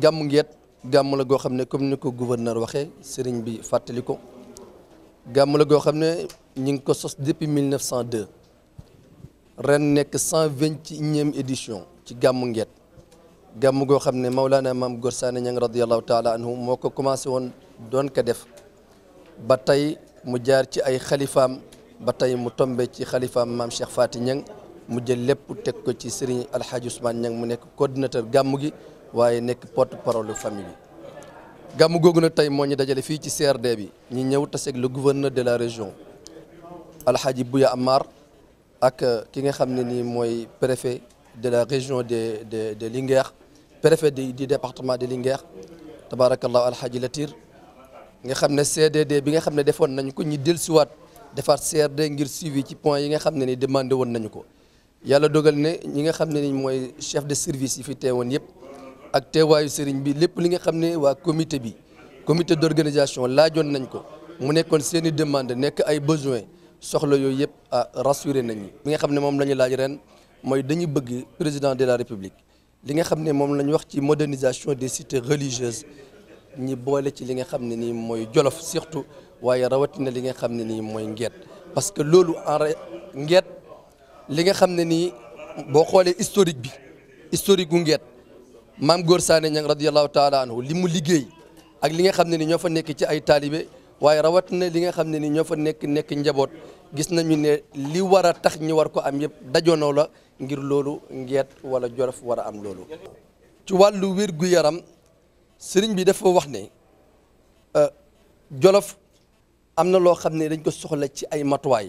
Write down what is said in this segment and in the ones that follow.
gàmmu Ngéet gàmm la goo xam ne comme ni ko gouverneur waxee sëriñ bi fàttali ko gàmm goo xam ne ñu ngi ko sos depuis 1902 ren nekk ci e édition ci gàmmu Ngéet gàmm goo xam ne Maulana Maam Gor Sané Niang radiyallahu taala anhu moo ko commencé woon doon ko def ba tey mu jaar ci ay xalifaam ba tey mu tombe ci xalifaam Maam Cheikh Faty Niang mu jël lépp teg ko ci sëriñ Alhaji Ousmane Niang mu nekk coordinateur gàmm gi waaye nekk porte parole famille bi. gàmm googu nag tey moo ci CRD bi ñu ñëw taseeg le gouverneur de la région Alhaji Bouya Amar ak euh, ki nga xam ne nii préfet de la région de de de Linger, préfet du du département de Tabarakallah al hadji Latir nga xam ne CDD bi nga xam ne defoon nañu ko ñu dellusiwaat defaat CRD ngir suivi ci point yi nga xamné ni demandé won nañ ko yalla dogal né ñi nga xamné ni moy chef de service yi fi téwone yëpp ak teewaayu sëriñ bi lépp li nga comité bi comité d'organisation. la laajoon nañ ko mu nekkoon seen demande nekk ay besoin soxla yooyu yëpp ah rassurer nañ ñi li nga xam ne moom la ñu laaj ren mooy dañu bëgg président de la république li nga xam ne moom la wax ci modernisation des sites religieuses ñi boole ci li nga xam ne nii jolof surtout waaye rawatina li nga xam ni moi mooy parce que loolu en ngeet li nga xam ne nii boo historique bi historique gu maam Góor Saane Ñang radiyallahu taala anhu li mu liggéey ak li nga xam ne ni ñoo fa nekk ci ay taalibe waaye rawat na li nga xam ne ni ñoo fa nekk nekk njaboot gis nañu ne li war a tax ñi war ko am yëpp dajoonoo la ngir loolu ngeet wala jorof war a am loolu ci wàllu wér gu yaram sëriñ bi dafa wax ne euh, jolof am na loo xam ne dañ ko soxla ci ay matuwaay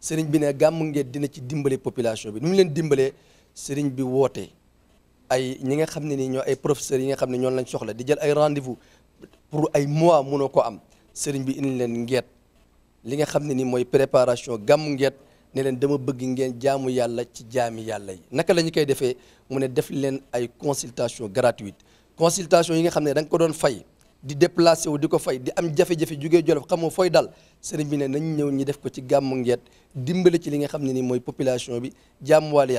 sëriñ bi ne gàmm ngeet dina ci dimbale population bi nu leen dimbalee sëriñ bi woote ay ñi nga xam ne nii ñoo ay professeurs yi nga xam ne ñoo lañ soxla di jël ay rendez-vous pour ay mois mënoo ko am sëriñ bi indi leen ngeet li nga xam ne nii mooy préparation gàmmu ngeet ne leen dama bëgg ngeen jaamu yàlla ci jaami yàlla yi naka la ñu koy defee mu ne def leen ay consultation gratuite consultation yi nga xam ne da ko doon fay di déplacé wu di ko fay di am jafe-jafe jugee Jolof xamoo fooy dal sëriñ bi ne nañ ñëw ñi def ko ci gàmmu ngeet dimbale ci li nga xam ne ni mooy population bi jàmmuwaale yàlla